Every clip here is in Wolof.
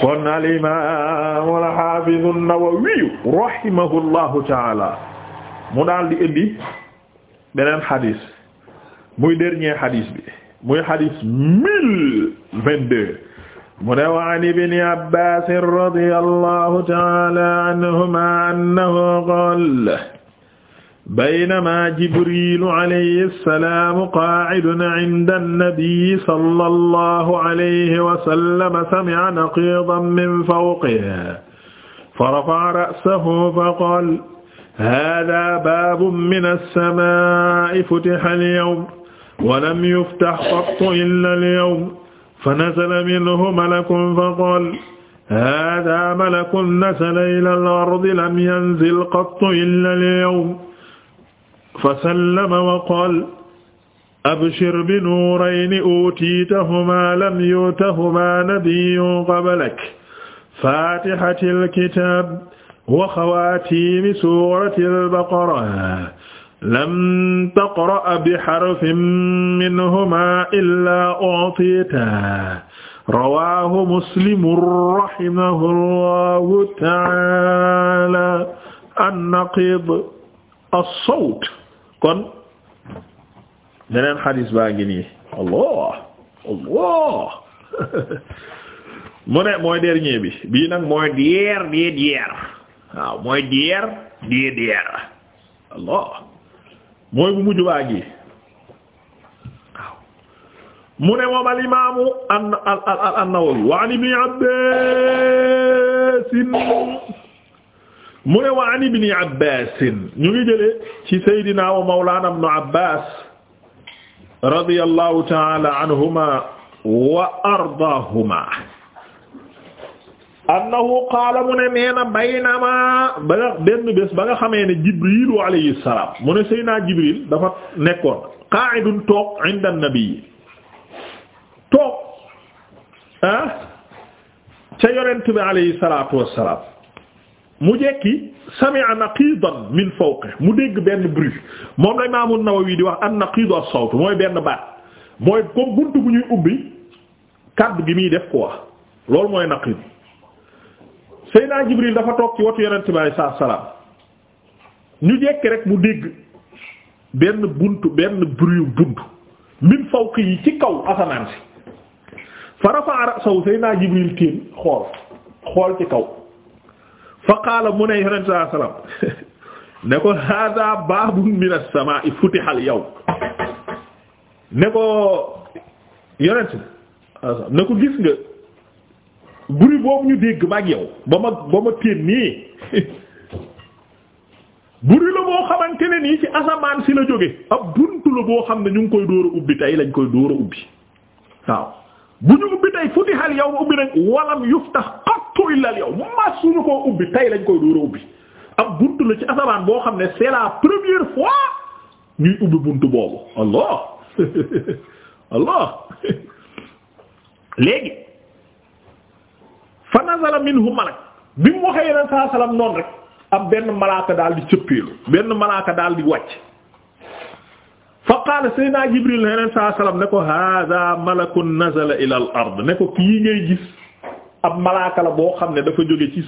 kon al imam al hafiz an-Nawawi rahimahullahu taala mu daal di indi beneen xadis muy dernier xadis bi muy xadis mille vingt deux mu ne wa an ibni Abbas radiyallahu taala anhuma annahu qala baynama jibrilu alayhi salaam qaa'idun inda annabiyi sallallahu alayhi wa sallam sami'a naqiidan min fawqihi farafa'a ra'sahu faqaala haadaa baabun mina as-samaa'i futiha al-yawm wa lam yuftah qattu illa al-yawm fanazala minhu malakun faqaala haadaa malakun nazala ila al-ardi lam yanzil qattu illa al-yawm fasallama wa qaala abshir bi nuurayni uutiitahumaa lam yu'tahumaa nabiyyun qablaka faatihatil kitaab wa xawaatiimi suuratil baqara lam taqra' biharfin minhumaa illaa u'tiitahu rawaahu muslimun rahimahullaahu ta'aalaa an-naqiid as-sawt kon beneen xadis baa ngi nii allah allah mu ne mooy dernier bi bii nag mooy dier dier dier waaw mooy dier dier dier allah mooy bu mujj baa ngi mu ne moom al imaamu an an an an Nawawi wa an ibn Abbaas mu ne wa an ibni Abbaas ñu ngi jëlee ci Seydina wa Mawlaana ibnu Abbaas radiyallahu ta'ala anhuma wa ardaahuma annahu qaala mu ne nee na baynama ba nga benn bés ba nga xamee ne Jibriilu alayhi salaam mu ne Seydina Jibriil dafa nekkoon qaa'idun toog inda an-nabi toog ah ca yonent bi alayhi salaatu wa salaam mu jekki sami'a naqidan min fawqi mu dégg benn bruit moom la Imam An-Nawawi di wax an-naqidu as-sawt mooy benn baat mooy comme buntu bu ñuy ubbi kaddu gi muy def quoi loolu mooy naqid Seydina Jibril dafa toog ci watu Yonent bi saa salaam ñu jekki rek mu dégg benn bunt benn bruit buntu min fawqi yi ci kaw asamaan si fa rafa'a ra'sahu Seydina Jibril tiin xool xool ci kaw. fa qaala mu ne yonent saa salaam ne ko hada baabun min as-samaa'i futiha al ne ko yonent ne ko gis nga buri boobu ñu dégg ma ak yow ba ma ba ma téen nii buri la boo xamante ne nii ci asamaan si la jóge ab buntu la boo xam ne ñu ngi koy dóor a ubbi tey lañ koy dóor a ubbi waaw bu ñu ubbi tey futiha al-yawm ubbi nañ walam yuftax fattu illa al yawm mas suñu koo ubbi tay lañ koy dóora ubbi ab bunt la ci asamaan boo xam ne c'est la première fois ñuy ubbi bunt boobu allah allah léegi fa nazala minhu malak bi mu waxee yeneen saa salaam noonu rek ab benn malaaka daal di cëppeelu benn malaaka daal di wacc fa qaala sayna jibril yeneen saa salaam ne ko hada malakun nazala ila ard ne ko kii ngay gis ab malaaka la boo xam ne dafa jóge ci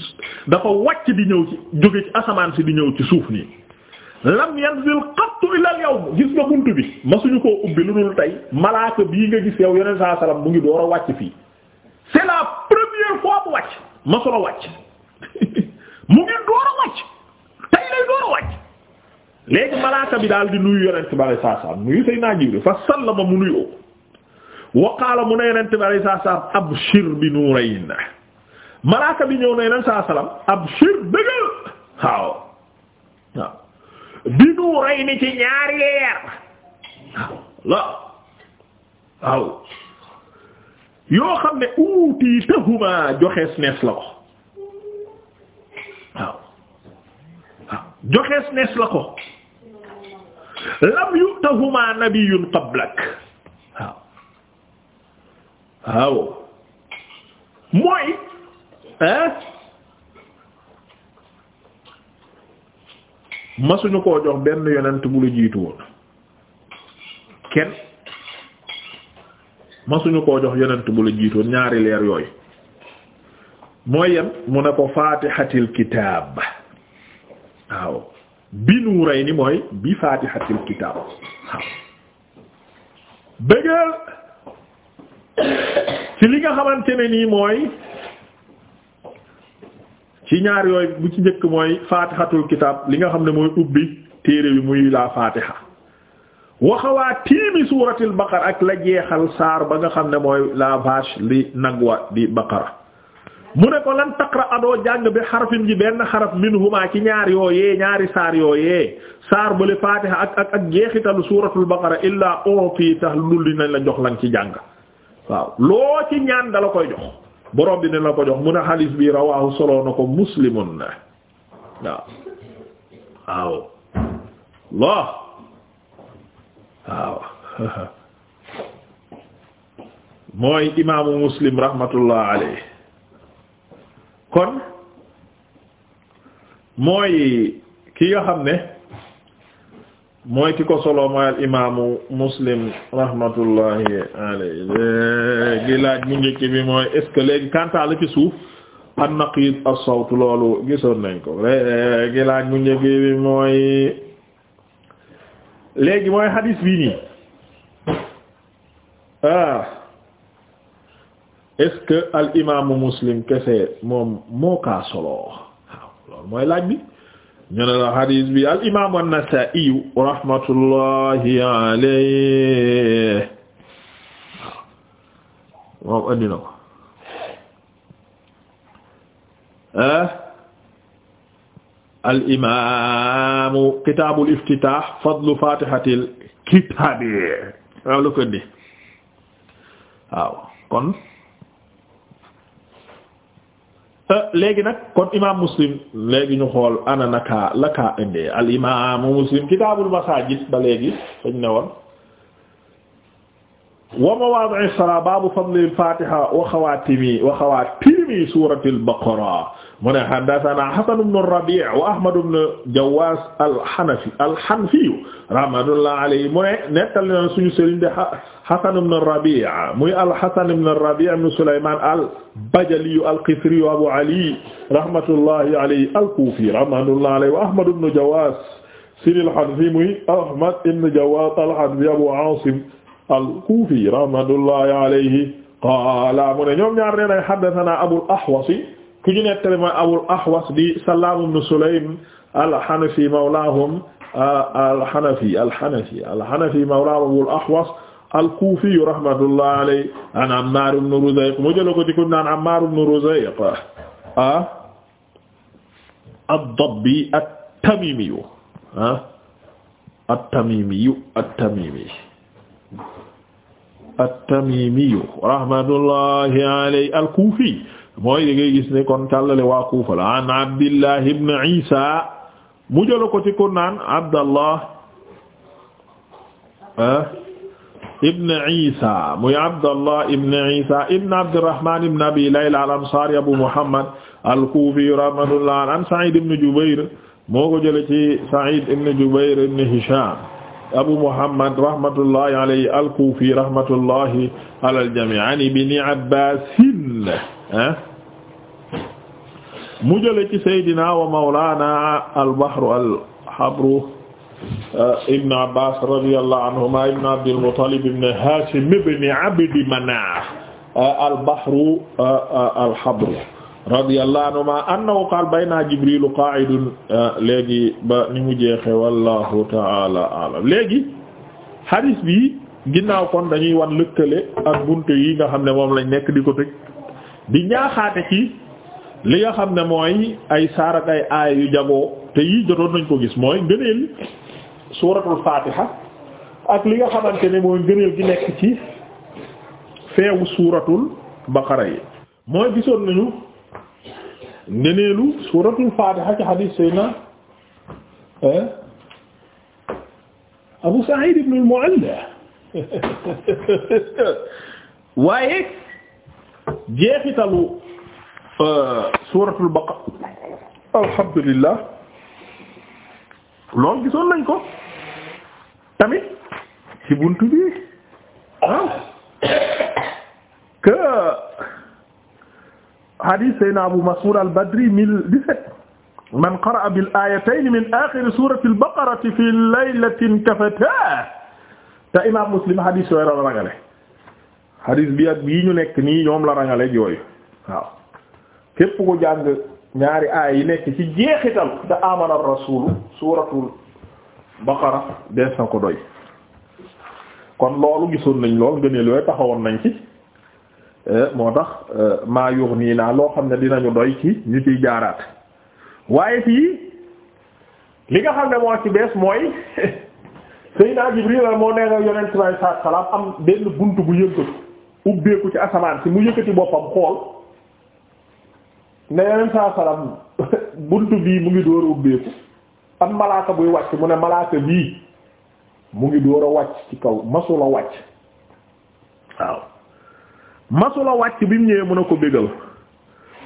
dafa wàcc di ñëw ci jóge ci asamaan si di ñëw ci suuf nii lam yanzil qattu ila al yawm gis nga bunt bi ma suñu koo ubbi lu dul tey malaaka bii nga gis yow yeneen saa salaam mu ngi door a wàcc fii c'est la wàcc mu ngi door a wàcc tey lay door a wàcc léegi malaaka bi daal di nuyu yonent bi sallallahu alayhi wasallam nuyu Seydina Jibril fa sallama mu nuyoo waqaala mu ne yonent bi alayhi salaam abshir bi nuurayn malaaka bi ñëw na yonent saa salaam abshir bëggal waaw waaw bi nuurayn ci ñaari leer waaw waaw yoo xam ne uuti tahuma joxees nees la ko waaw waaw joxees nees la ko lam yu tahuma nabiyun qablak waaw mooy hein masuñu koo jox benn yonent bu la jiitu woon kenn masuñu koo jox yonent bu la jiitu woon ñaari leer yooyu mooy yem mu ne ko faatihatil kitaab waaw bi nuurayni mooy bi faatihatil kitaab waaw bëgga ci li nga xamante ne nii mooy ci ñaar yooy bu ci njëkk mooy faatixatul kitaab li nga xam ne mooy ubbi téere bi muy laa faatixa waxawaa tiimi suuratil baqara ak la jeexal saar ba nga xam ne mooy la vache li nagwa di baqara mu ne ko lan taqra adoo jàng bi xarafin ji benn xaraf minhuma ci ñaar yooyee ñaari saar yooyee saar bale faatixa ak ak ak jeexitalu suuratul baqara illaa uti tax lul li nañ la jox lan ci jàng waaw loo ci ñaan dala koy jox borom bi ne la ko jox mun a xadiis bi rawaahu soloo ko muslimun na waaw waaw waaw mooy imaamu muslim rahmatullah alayhi kon mooy ki nga xam ne mooy ki solo mooy al imaamu muslim rahmatullahi alayhi léegi laaj mu njëkk bi mooy est-ce que léegi kanta la ci suuf an naqiid as loolu gisoon nañ ko léegi laaj mu njëkk bi mooy léegi mooy hadis bi nii ah est-ce que al imaamu muslim kese moom moo kaa solo waaw loolu mooy laaj bi ñu ne la hadis bi al imaamu an-Nasaa'i rahmatullahi alayhi waaw andi na ko ah al imaamu kitaabul iftitaah fadlu faatihatil kitaabi waaw lu ko indi waaw kon. léegi nag kon imaam muslim léegi ñu xool ana naka la kaa indee al imaamu muslim kitaabul masaajid ba léegi dañ ne woon wa mawaadi'i salaa baabu fadlil faatiha wa xawaatimi wa xawaatimi suuratil baqara mu ne haddasanaa Hasan ibnu Rabii' wa Ahmad ibnu Jawwaaz al-Hanafi al-Hanfi rahmatullahi alayhi mu ne nettali na suñu sëriñ de Hasan ibnu Rabii' muy al-Hasan ibnu Rabii' ibnu Sulaymaan al-Bajali al-Qisri Abu Ali rahmatullahi alayhi al-Kuufi rahmatullahi alayhi wa Ahmad ibnu Jawwaaz al-Hanfi muy Ahmad ibnu Jawwaaz al-Hanfi Abu Aasim al-Kufi rahmatullahi alayhi qaala mu ne ñoom ñaar nee na haddathana Abul Ahwas ku ñu nettali mooy Abul Ahwas di Sallaam ibn Sulaym al-Hanafi mawlaahum ah, al-Hanafi al-Hanafi al-Hanafi mawlaahum Abul Ahwas al-Kufi rahmatullahi alayhi an Ammaar ibn Ruzayq mu jël ko ci ku naan Ammaar ibn Ruzayq ah ad-Dabbi at-Tamimi ah at-Tamimi at-Tamimi at-Tamimiyu rahmatullahi alayhi al-Kufi mooy da ngay gis ne kon tallale waa Kufa la an Abdillah ibn mu jëla ko ci kon naan Abdallah ah, ibn Isa muy Abdallah ibn Isa ibn Abdirrahman Abi Layla al-Ansari Abu Muhammad al-Kufi rahmatullahi an Sa'id ibn Jubayr moo ko jële ci Sa'id ibn Jubayr abu muhammad rahmatullahi alayhi al-kufi rahmatullahi ala al-jami' an ibni abbasin ah. mu jële ci saydina wa mawlana al-bahru al-habru ah, ibn abbas radiyallahu anhuma ibn abdil muttalib ibn hashim ibn abdi manaf ah, al-bahru al-habru radiyallahu anhuma annahu qaal bayna jibrilu qa'idun euh, léegi ba ni mu jeexe wallahu taala alam léegi xarit bi ginnaaw kon dañuy wan lëkkale ak buntu yi nga xam ne moom lañ nekk di ko tëj di ñaaxaate ci li nga xam ne mooy ay saar ak ay aaya yu jagoo te yii jotoon nañ ko gis mooy ngëneel suuratul faatiha ak li nga xamante ne mooy ngëneel gi nekk ci feewu suuratul baqara yi mooy gisoon nañu ngeneelu suuratul faatiha ci xadiis sayna eh, Abu Sa'id ibn al-Mu'alla waaye jeexitalu eh, suuratul baqara alhamdulillah loolu nañ ko tamit ci buntu bi ah hadith sayna Abu Mas'ud al-Badri 1017 man qara'a bil aayatayni min aaxiri suurati al-baqarati fii laylatin kafataahu te imaam Muslim hadith yooyu la rangale hadith bi ak bii ñu nekk nii ñoom la rangale yooyu waaw képp ku jàng ñaari aay yi nekk ci jeexital te amana ar-rasuul suuratul baqara des na ko doy kon loolu gisoon nañ lool gëneel yooyu taxawoon nañ ci. Euh, moo tax euh, maa yuux nii naa loo xam ne dinañu doy ci ñu ciy jaaraat waaye fii li nga xam ne moo ci bees mooy Seydina Jibril la moo neena yonent bi alayhi salaatu salaam am benn bunt bu yëngatu ubbeeku ci asamaan si mu yëkkati boppam xool ne yonent saa salaam bunt bii mu ngi door a ubbeeku am malaaka buy wàcc mu ne malaaka bii mu ngi door a wàcc ci kaw masula wàcc waaw masula wàcc bi mu ñëwee mën a ko bégal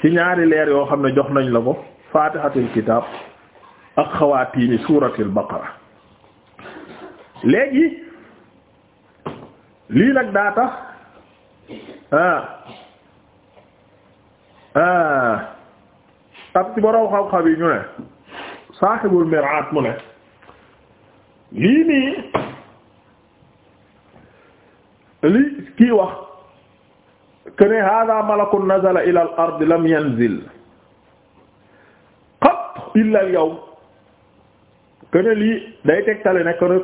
ci ñaari leer yoo xam ne jox nañ la ko faatihatul kitaab ak xawaatiimi suuratul baqara léegi lii nag daa tax ah ah ab ci boroom xam-xam yi ñu ne saaxibul miraat mu ne lii nii li kii wax kene hada malakun nazala ila ard lam yanzil qat illa al yawm kene lii day tegtale ne kene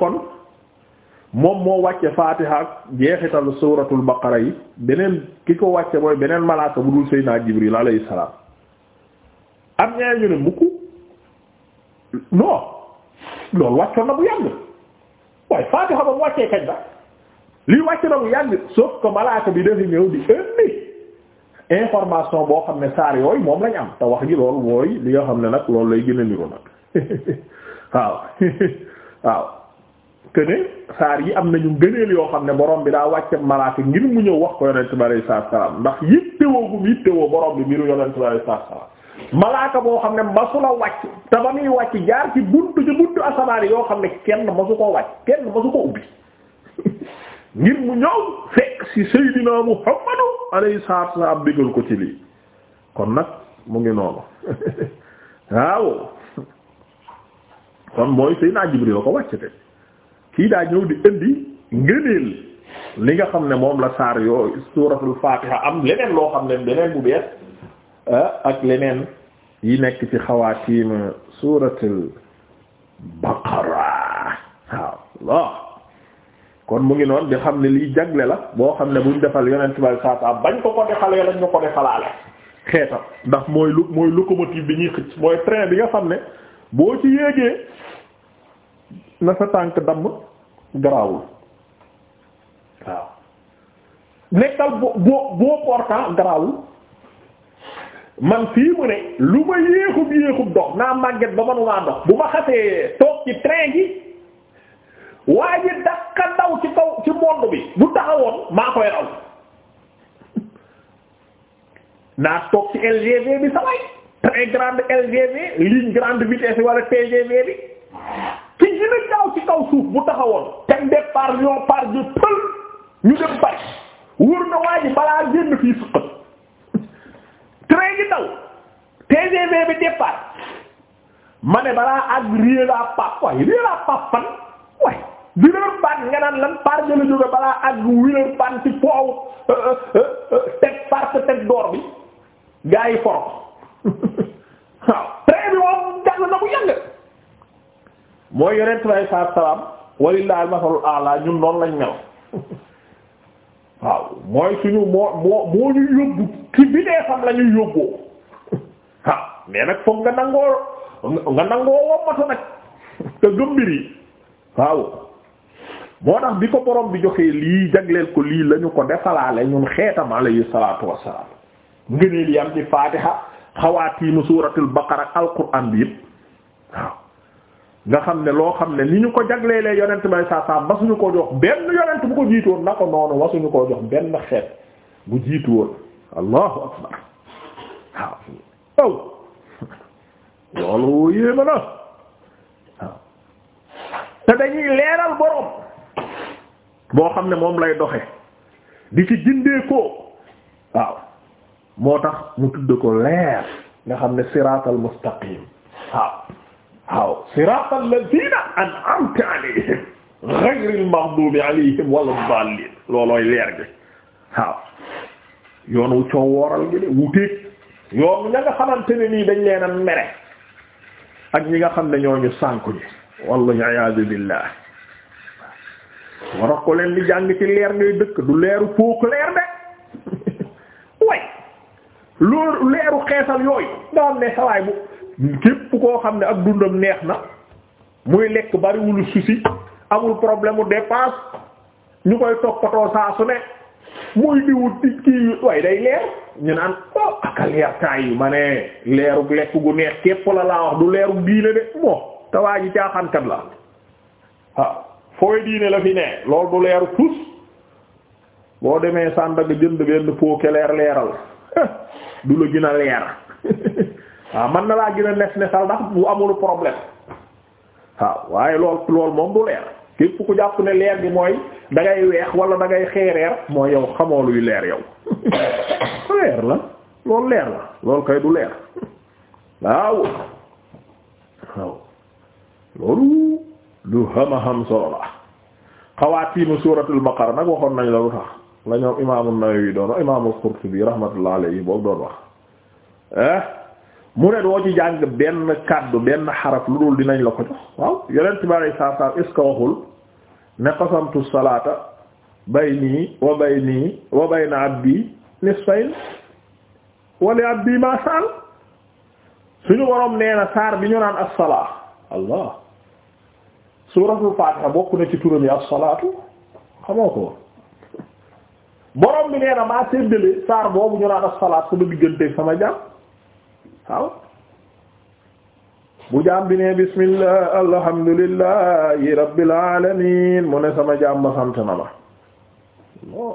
moom moo wàcce fatiha ak jeexital suratul baqara yi beneen ki ko wàcce mooy beneen malaaka bu dul seydina jibril alayhi salaam am ñaar ñu ne mukk non loolu wàccoon na bu yàgg waaye fatiha ba mu wàccee kañ la lii wàcc na bu yàgg sauf que malaaka bi dafa ñëw di indi information boo xam ne saar yooyu moom lañ am te wax ji loolu mooy li nga xam ne nag loolu lay gën a niru nag waaw waaw que saar yi am nañu gëneel yoo xam ne borom bi daa wàcce malaaka ngir mu ñëw wax ko yonent bi alayhi salaatu salaam ndax yittewoo gu mu yittewoo borom bi mbiru yonent bi alayhi salaatu salaam malaaka boo xam ne masu la wàcc te ba muy wàcc jaar ci buntu ci buntu asamaan yoo xam ne kenn masu koo wàcc kenn masu koo ubbi ngir mu ñëw fekk ci Seydina Muhammadu alayhi salaatu wa salaam bégal ko ci lii kon nag mu ngi noonu waaw kon mooy Seydina Jibril la ko wàcc kii daa ñëw di indi ngëneel li nga xam ne moom la saar yoo suuratul Faatiha am leneen loo xam ne beneen bu bees ah, ak leneen yi nekk ci xawaatiim suuratul Baqara waaw kon mu ngi noonu di xam ne lii jagle la boo xam ne buñ defal yonent bi saa saa bañ ko ko defalee lañ ñu ko defalaale xeetam ndax mooy lu mooy locomotive bi ñuy xëcc mooy train bi nga xam ne boo ci yéegee na sa tànk damm garaawul waaw nekkal boo boo boo portant garaawul man fii mu ne lu ma yéexub yéexub dox naa màgget ba manumaa dox bu ma xasee toog ci train gi waaye daka daw ci kaw ci monde bi bu taxawoon maa koy raw naa toog ci LGV bi samay très grande LGV ligne grande vitesse wala TGV bi ci gën a daw ci kaw suuf bu taxawoon ten départ Lyon par de pël ñu dem Paris wóor na waa balaa génn fii suqat train gi daw TGV bi départ ma ne balaa ak réer la pap waaye réer la pap fan waaye Villeurbanne nga naan lan par jële jóge balaa àgg Villeurbanne ci poow euh, euh, euh, teg farce teg door bi gaa yi foro waaw train bi moom jàll na bu yàgg mooy yonent bi alayhi salaatu salaam walillahi al-masalul a'la ñun noonu lañ mel waaw mooy suñu moo moo moo ñu yóbbu ci bi dee xam yóbboo waaw mais nag foog nga nangoo nga nangoo wommatu nag te gëm yi waaw moo tax bi ko borom bi joxee lii jagleel ko lii lañu ko defalaale ñun xeetam alayhi salaatu wassalaam yi yam ci faatiha xawaatiimu suuratul baqara ak alquran bi yëpp waaw nga xam ne loo xam ne ni ñu ko jagleelee yonent bay saa saa ba suñu ko jox benn yonent bu ko jiitoon na ko noonu wasuñu ko jox benn xeet bu jiitu woon allahu akbar waaw loolu yéema na waaw te dañuy leeral borom boo xam ne moom lay doxe di ci gindee ko waaw moo tax mu tudd ko leer nga xam ne siraatal mustaqim waaw waaw siraatal ladina an'amta alayhim ghayril maghdubi alayhim waladdallin loolooy leer gi waaw yoon wu coow gi de wuteeg yoon ña nga xamante nii dañ leen mere ak ñi nga xam ne ñooñu sànku ñi walla iyaazu billah warax ko leen di jàng ci leer ngay dëkk du leeru fooku leer de way loolu leeru xeesal yooyu nga xam ne sawaay bu képp koo xam ne ak dundam neex na muy lekk bariwul souci amul problème mu dépasse ñu koy toppatoo saa su ne muy diwut it kii way day leer ñu naan oh aka leer tay ma ne leeru lekk gu neex képp la laa wax du leeru diine de moo tawaa ji caaxaankat la ah. fooy diine la fi ne loolu du leeru tus boo demee Sandaga jënd benn pooke leer leeral du la gën a leer waa man na laa gën a nes nesal ndax bu amul problème waaw waaye lool lool moom du leer képp ku jàpp ne leer bi mooy dangay weex wala dangay ngay xeereer mooy yow xamoo luy leer yow leer la loolu leer la loolu kay du leer waaw waaw loolu lu xam-xam solo la xawaatimu suuratul baqara nag waxoon nañ la lu tax la ñoom imaamu Nawawi doon wax imaamu Qurtubi rahmatullah alayhi boobu doon wax eh? mu ne doo ci jàng benn kàddu benn xarab lu dul dinañ la ko jox waaw yonent bi alayhi salaatu salaam est-ce waxul ne qasamtu salaata bayni wa bayni wa bayna abdi nisfayn wa li abdi ma sa'al suñu borom nee na saar bi ñu naan as-salaa allah suuratul Faatiha bokk na ci turam yi as-salaatu xamoo ko borom bi nee na maa séddale saar boobu ñu naan as-salaat sama digganteeg sama jaam waaw bu jaam bi ne bismillah alhamdulillahi rabbil alamin mu ne sama jaam ma sant na ma o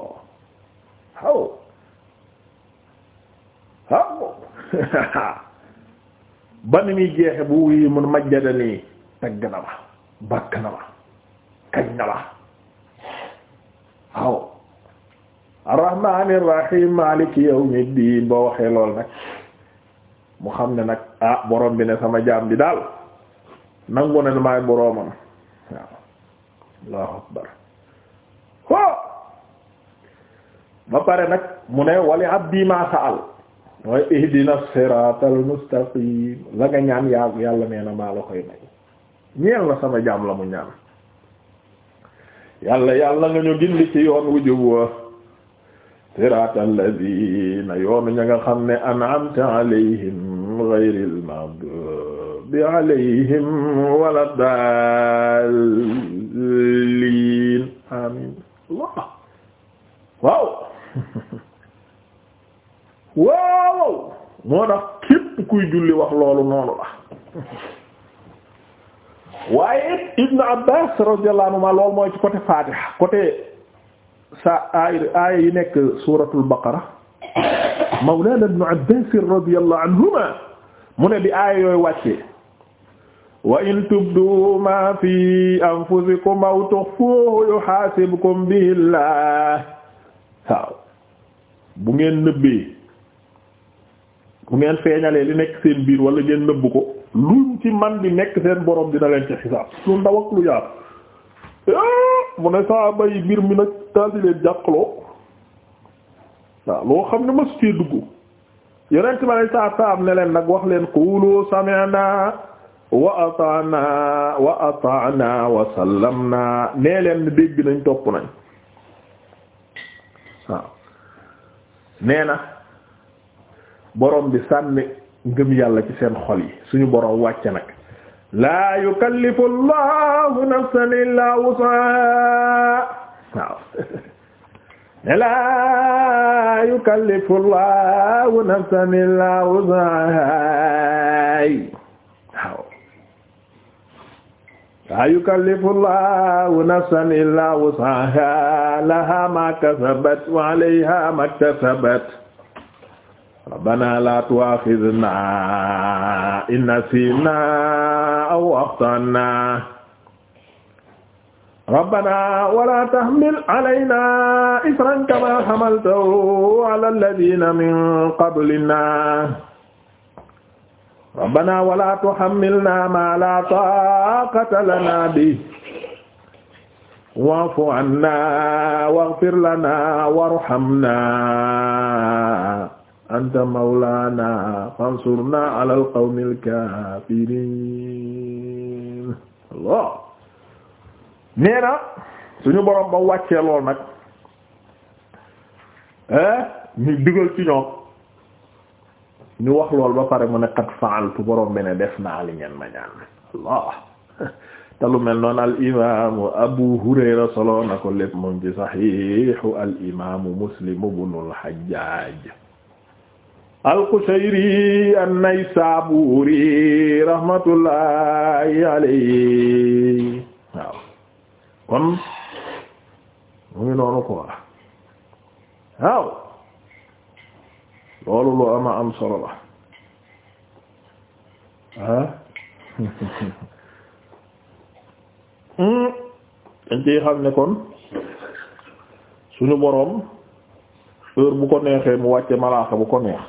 aw aw ba ni muy jeexe bu wuyi mun majjada nii na ma bàkk na la kañ na la waaw arrahmaanir rahiim maaliki yawmiddiin boo waxee lool nag mu xam ne nag ah borom bi ne sama jaam bi daal nangu ne maay boromam waaw allahu akbar ho ba pare nag mu ne wali abdi ma sa'al mooy ihdina siratal mustaqim la nga ñaan yaa yàlla nee na maa la koy may ñeel la sama jaam la mu ñaan yàlla yàlla nga ñu gindi ci yoon wu wa siraat alladina yoonu ña nga xam ne an'amta alayhim ghayril maghdubi alayhim wala daalliin amin waaw waaw moo tax képp kuy julli wax loolu noonu la waaye Ibn Abbas radiyallahu anhuma lool mooy ci côté Fatiha côté sa ay aaya yi nekk suuratul baqara mawlaana Ibn Abbas radiyallahu mu ne bi aaya yooyu wàccee wa in tubdu ma fi anfusikum aw tukhfuhu yuhasibkum billah waaw bu ngeen nëbbee bu ngeen feeñalee li nekk seen biir wala ngeen nëbb ko lu ci man bi nekk seen borom dina leen ci xisaab lu ndaw ak lu yaatu eh, mu ne saaba mbir mi nag daal di leen jàqloo waaw loo xam ne ma su ci dugg yonent ma ne saa saa am ne leen nag wax leen qulu sami'na wa ata'na wa ata'na wa nee leen dégg nañ topp nañ waaw nee na borom bi sànni ngëm yàlla ci seen xol yi suñu boroom wàcce nag laa yukallifu allahu nafsan illaa wusaa waaw ne laa yukallifu allahu nafsan illaa wusaa waaw laa yukallifu allahu nafsan illaa wusaa laha ma kasabat wa alayha ma kasabat rabbana la tu'akhidhna in nasina aw akhtana rabbana wala tahmil alayna isran kama hamaltahu ala alladhina min qablina rabbana wala tuhammilna ma la taqata lana bi wa'fu anna waghfir lana warhamna anta mawlaana fansurnaa alal qawmil Allah nee na suñu borom ba wàccee lool nag eh, ñu digal ci ñoom ñu wax lool ba pare mu ne qad fa'altu borom bi ne def li ngeen ma ñaan Allah lu mel noonu al imaamu Abu Hurayra solo na ko lépp moom al imaamu Muslim ibnul Hajjaaj al-Qushayri an-Naysaburi rahmatullahi alayhi waaw kon mu ngi noonu quoi waaw loolu lu ama am solo la ah dañ ciy xam ne kon suñu boroom heure bu ko neexee mu wàcce malaaka bu ko neex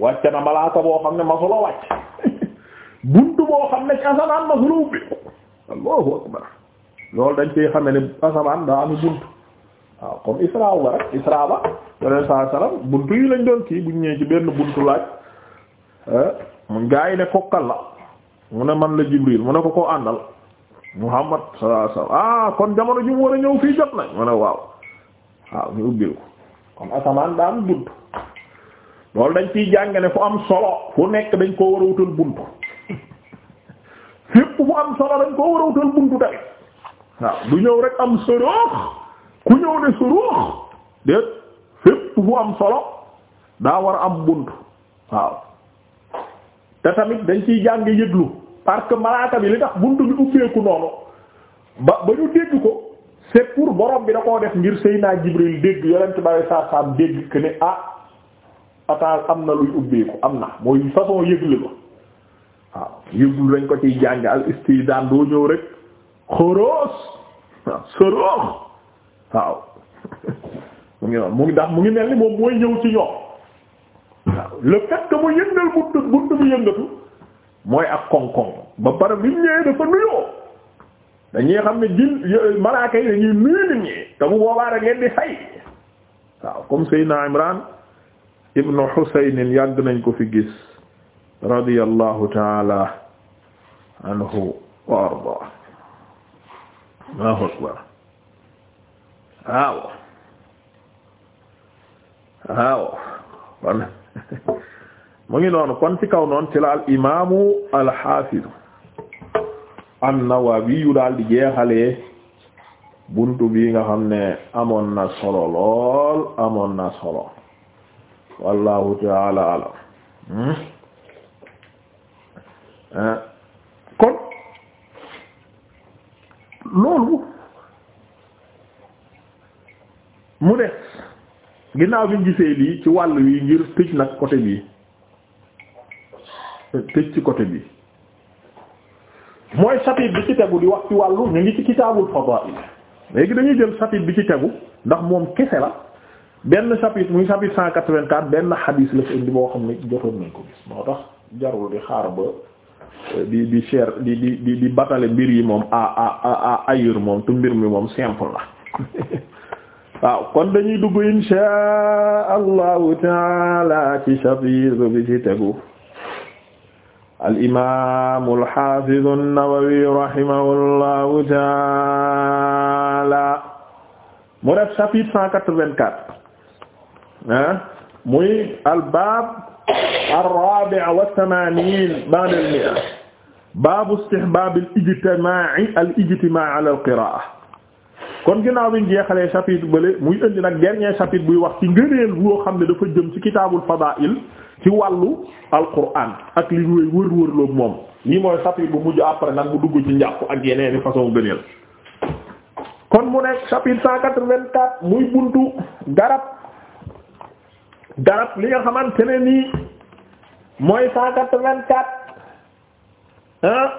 wàcc na malaaka boo xam ne masula wàcc buntu boo xam ne ci asamaan masula ubbi allahu akbar loolu dañ koy xame ne asamaan daa am waaw comme isra ba rek isra ba yoneen saa lañ doon kii bu ñu ñëwee ci benn buntu laaj eh, mu gaa yi ne kokkal la mu man la jibril mu ne ko koo àndal muhammad sallallahu alayhi ah kon jamono ji mu war a ñëw fii jot nañ mu ne waaw waaw ñu ubbil ko kon asamaan daa am loolu dañ ciy jàng ne fu am solo fu nekk dañ koo war a wutal buntu fépp fu am solo dañ koo war a wutal buntu tamit ñëw rek am soroox ku ñëw ne soroox déet am solo daa war a am buntu waaw te tamit dañ ciy jàng yëglu parce que malaaka bi li tax buntu bi ubbeeku noonu ba ba ñu dégg ko c'est pour borom bi da koo def ngir Seydina Jibril dégg yonent bi sallallahu alayhi wasallam dégg que ne ah. attaque am na luy ubbeeku am na mooy façon yëgle ko waaw yëglu dañ ko ciy jàng al istidaan doo ñëw rek xoroos waaw waaw mu ngi noonu mu ngi ndax mu ngi mel ni moom mooy ñëw ci ñoom waaw le fait mu yëngal buntu buntu bi yëngatu mooy ak koŋ-koŋ ba pare bi ñëwee dafa nuyoo dañuy xam ne jin malaaka yi dañuy nuyu nit ñi te bu boobaa rek ngeen di fay waaw comme Seydina Imran ibnu Husaynin yàgg nañ ko fi gis radiyallahu taala anhu wa ardaa Allahu akbar waaw waaw mu ngi noonu kon ci kaw noonu ci la al imaamu al haafiz an-Nawawi daal di jeexalee buntu bii nga xam ne amoon na solo lool amoon na solo wallahu taala alam hmm? eh? kon loolu mu des ginnaaw bi ñu gisee lii ci wàll wi ngir tëj nag côté bi tëj ci côté bi mooy chapitre bi ci tegu di wax ci wàllu ñu ngi ci kitaabul fadaa'il léegi dañuy jël chapitre bi ci tegu ndax moom kese la benn chapitre muy chapitre cent quatre-vingt-quatre benn xadiis la fi indi boo xam ne jotoon nañ ko gis moo tax jarul di xaar ba euh, di di cher di di di batale mbir yi moom a a ayur moom tu mbir mi moom simple la waaw kon dañuy dugg insha allahu taala ci chapitre bi ci tegu alimamu alhafidu an-Nawawi rahimahullahu taala mu def chapitre cent quatre-vingt-quatre Ah muy albaab ar-raabi' wa thamaaniin ba'da al-mi'a baabu istihbaab al-ijtimaa'i al al-qiraa'a kon ginnaaw bi ñu jeexalee chapitre bële muy indi nag dernier chapitre buy wax ci ngëneel boo xam ne dafa jëm ci kitaabul fadaa'il ci wàllu alquraan ak li ñuy wër wërloog moom lii mooy chapitre bu mujj après nag mu dugg ci njàpp ak yeneeni façon ngëneel kon mu nekk chapitre muy buntu garab. garab li nga xamante ne nii mooy cent quatre-vingt-quatre ah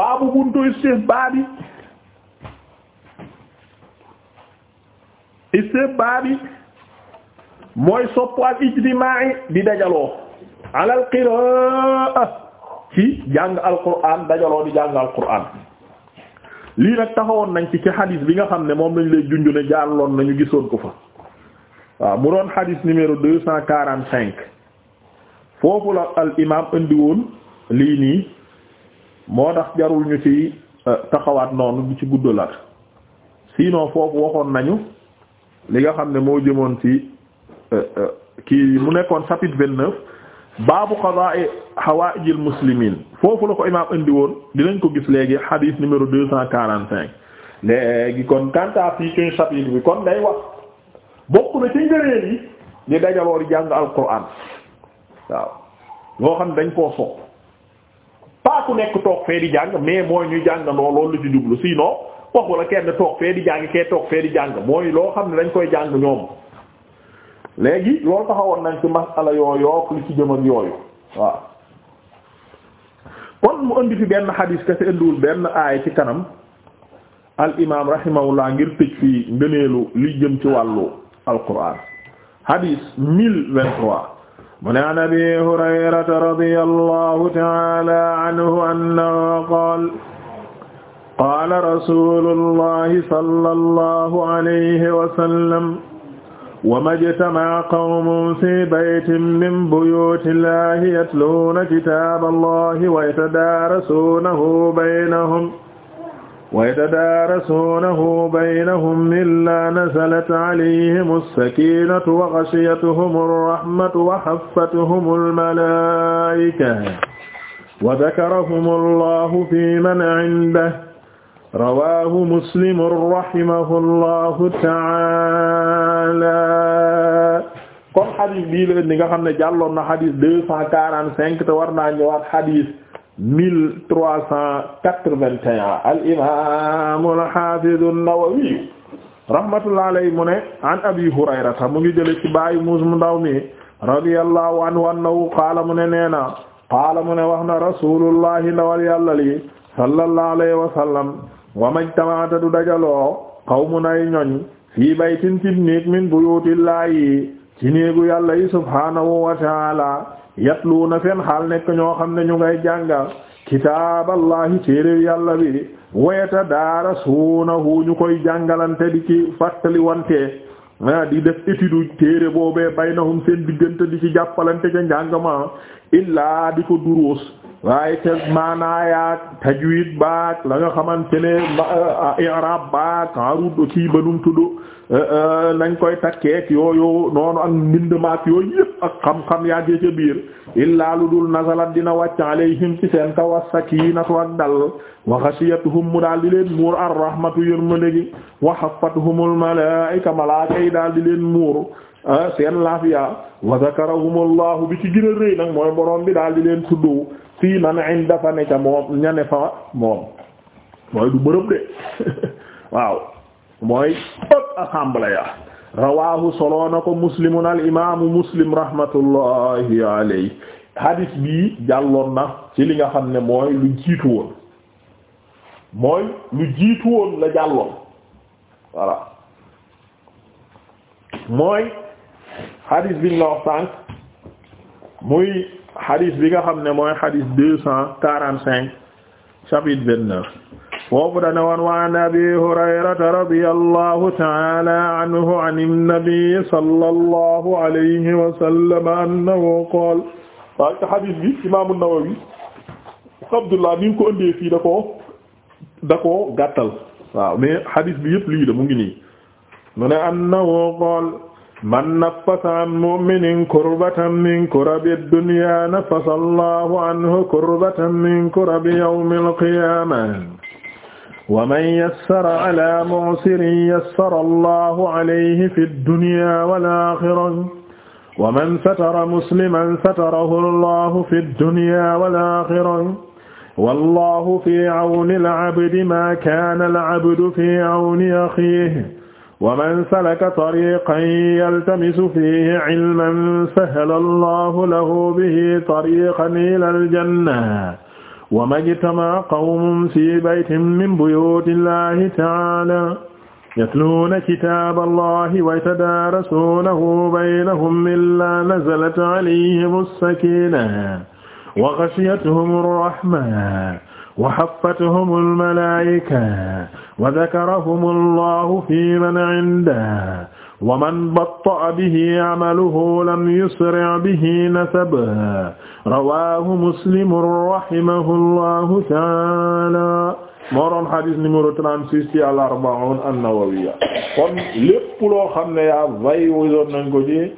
baabu buntu istihbaab bi istihbaab bi mooy soppu al ijtimaa'i di dajaloo alal qiraa ci jàng alquraan dajaloo di jàng alquraan lii nag taxawoon nañ ci ci xadiis bi nga xam ne moom lañ lay junj ne jàlloon nañu gisoon ko fa waaw mu doon xadis numéro deux cent quarante cinq foofu la al imaam indi woon lii nii moo tax jarul ñu ci euh, taxawaat noonu di ci guddalaat sinon foofu waxoon nañu li nga xam ne moo jëmoon ci euh, euh, kii mu nekkoon chapitre vingt-neuf baabu qadaa'i hawaa'ijil muslimiin foofu la ko imaam indi woon dinañ ko gis léegi xadis numéro deux cent quarante cinq léegi kon quant à fii ci chapitre bi kon day wax na ci ngëneel jàng alquran waaw loo xam dañ koo sopp ku nekk toog fee di jàng mais mooy ñu jàngandoo loolu lu ci jublu sinon waxu la kenn toog fee di jàng kee toog fee di jàng dañ koy jàng ñoom léegi loolu taxawoon nañ ci masala yooyu yokk li ci jëm yooyu waaw kon mu indi fi benn xadiis kese indiwul benn aaya ci kanam al imaam rahimahullah ngir tëj fii ngëneelu li jëm ci wàllu alquran hadis 1023 mu ne an abi hurayrata radiyallahu ta'ala anhu annahu qaala qaala rasuulullahi sallallahu alayhi wa sallam وما اجتمع قوم في بيت من بيوت الله يتلون كتاب الله ويتدارسونه بينهم ويتدارسونه بينهم إلا نزلت عليهم السكينة وغشيتهم الرحمة وحفتهم الملائكة وذكرهم الله في من عنده رواه مسلم رحمه الله تعالى kon xadis bii la indi nga xam ne jàlloon na xadis deux cent quarante-cinq te war naa ñëwaat xadis mille trois cent quatre-vingt-un al imaam al haafiz an-Nawawi rahmatullahi alayhi mu ne an abi hurayrata mu ngi jële ci bàyyi muus mu ndaw mi radiyallahu anhu annahu mu ne nee na mu ne wax na rasulullahi ndawal yàlla li sallallahu wa sallam wa du dajaloo qawmun ay ñoñ fii baytin ci min buyutillahi ci néegu yàlla yi subhaanahu na fen xaal nekk ñoo xam ne ñu ngay jàngal kitaaballahi téere yàlla bi wayata daara suuna hu ñu koy jàngalante di ci fàttali wante di def étude téere boobee baynahum seen diggante di ci jàppalante ca njàngma illaa di ko duruus waaye te maanaayaak tajwid baak la nga xamante ne i'rab baak arud kii banum tudd Euh, euh, nañ koy takkeek yooyu noonu ak mbind maak yooyu yëpp ak xam-xam yàggee ca biir illaa lu dul nasalat dina wàcc alayhim ci seen kaw as-sakiinatu ak dal wa xasiyatuhum mu daal di leen muur ar-rahmatu yërmande gi wa haffatuhumul malaa'ika malaaka yi daal di leen muur euh, seen laafiya wa zakarahumullahu bi ci gën rëy nag mooy borom bi daal di leen tuddu fii man inda fa ne moom ña ne fa moom mooy du bërëb de waaw mooy ëpp assemblée ya rawahu soloo na ko muslimun al imamu muslim rahmatullahi alayhi hadis bii jàlloon na ci li nga xam ne mooy lu jiitu woon mooy lu jiitu woon la jàlloon voilà mooy hadis biñ la wax muy hadis bi nga xam ne mooy hadis deux cent quarante cinq chapitre vingt neuf foofu dane woon wa an abi hurayrata radiyallahu ta'ala anhu an an-nabi sallallahu alayhi wa sallam annahu qaala waaw te xadis bi imaamu Nawawi Abdullah ni nga ko ëndee fii da koo da koo gàttal waaw mais xadis bi yëpp lii la mu ngi nii mu ne annahu qaala man naffasa an mu'minin kurbatan min kurabi dunya naffasa Allahu anhu kurbatan min kurabi yawmil qiyaamah wa man yassara ala mu'sirin yassara allahu alayhi fi dunya wal akhirah wa man satara musliman satarahu allahu fi dunya wal akhirah wallahu fi awni al-abdi ma kana al-abdu fi awni akhihi wa man salaka tariqan yaltamisu fihi ilman sahala allahu lahu bihi tariqan ila al-janna wa majtama qawmun fi baytin min buyuti llahi taala yatluuna kitaaba allahi wa yatadaarasuunahu baynahum illaa nazalat alayhim as-sakiinatu wa ghashiyatuhum ar-rahmatu wa haffathum al-malaa'ikatu wa dhakarahum allahu fi man 'indahu wa man batta'a bihi amaluhu lam yusri' bihi nasabuhu rawaahu muslim rahimahullahu ta'aala moo doon xadis numéro 36 ci al-arba'uun an-nawawiyya kon lépp loo xam ne yaa vay woon nañ ko ci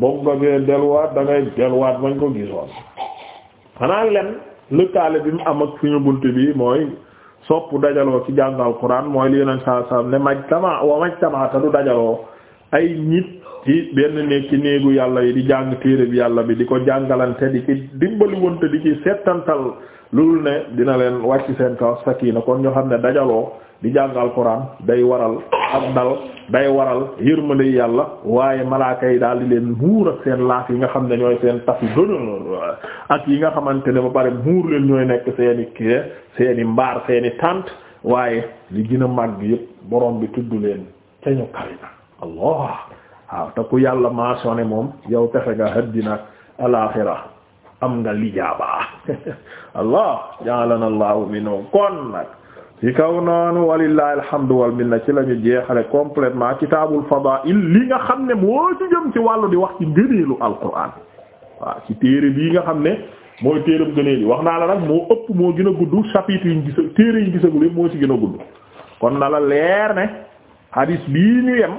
bokk nga bee delluwaat da ngay delluwaat bañ ko gisoon xanaa len lëkkaale bi mu am ak suñu bunt bi mooy sopp dajaloo ci jàngal Alxuraan mooy li nañ saa saa ne majtama wa majtama te du dajaloo ay nit ci benn néeg ci néegu yàlla yi di jàng téere yàlla bi di ko jàngalante di ci dimbali wonte di ci settantal loolu ne dina leen wàcc seen kii na kon ñoo xam ne dajaloo di jàng alxuraan day waral ak dal day waral yërmande yàlla waaye malaaka yi daal di leen muur ak seen laaf yi nga xam ne ñooy seen tafi dënor ak yi nga xamante ne ba pare muur leen ñooy nekk seeni i kii seen mbaar seen tànt waaye li gën a màgg yëpp borom bi tudd leen ca allah waaw te ku yàlla maasone moom yow texe nga haddina alaaxira am nga lijaaba allah ja'alana allahu minhu kon nag ci kaw noonu walillahi alhamdu wal minna ci lañu jeexale complètement kitaabul fadaa'il li nga xam ne moo ci ci wàllu di wax ci ngëneelu alquran téere bii nga xam ne mooy téeram gëneel yi wax naa la nag moo ëpp moo gën a gudd chapitre yi ñu gis téere yi ñu gisagul yëpp moo ci gën a gudd kon na la leer ne hadis bii ñu yem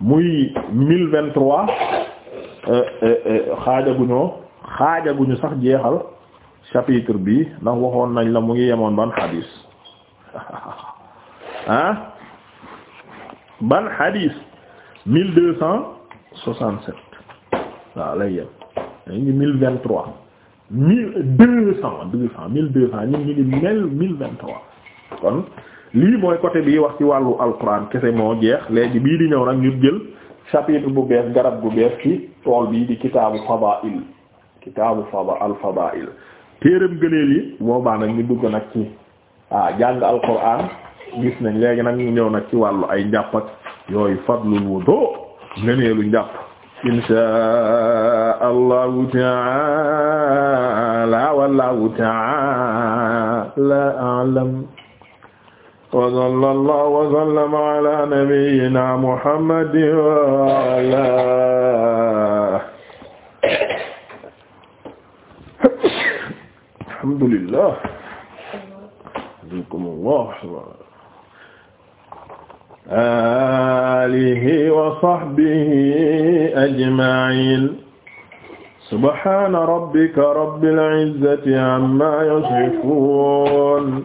muy mille vingt trois euh, euh, euh, xaajaguñoo xaajaguñu sax jeexal chapitre bi ndax waxoon nañ la mu ngi yemoon ban xadiis ah ban xadiis mille deux cent soixante sept waaw lay yem dañ ngi mille vingt trois mille deux cent deux cent mille deux cent ñu ngi mille vingt trois kon lii mooy côté bii wax ci wàllu alquran kese moo jeex léegi bii di ñëw nag ñu jël chapitre bu bees garab bu bees ci tool bii di kitaabu fadaa'il kitaabu fada al fadaa'il téeram gëneel yi boobaa nag ñu dugg nag ci ah jàng alquran gis nañ léegi nag ñu ñëw nag ci wàllu ay njàpp ak yooyu fadlul wudu ngëneelu njàpp insha allahu la wallahu taala alam wa sallallahu wa sallama ala nabiyyina muhammadin wa ala alhamdulillah bikum allah alihi wa sahbihi ajma'in subhana rabbika rabbil izzati amma yasifun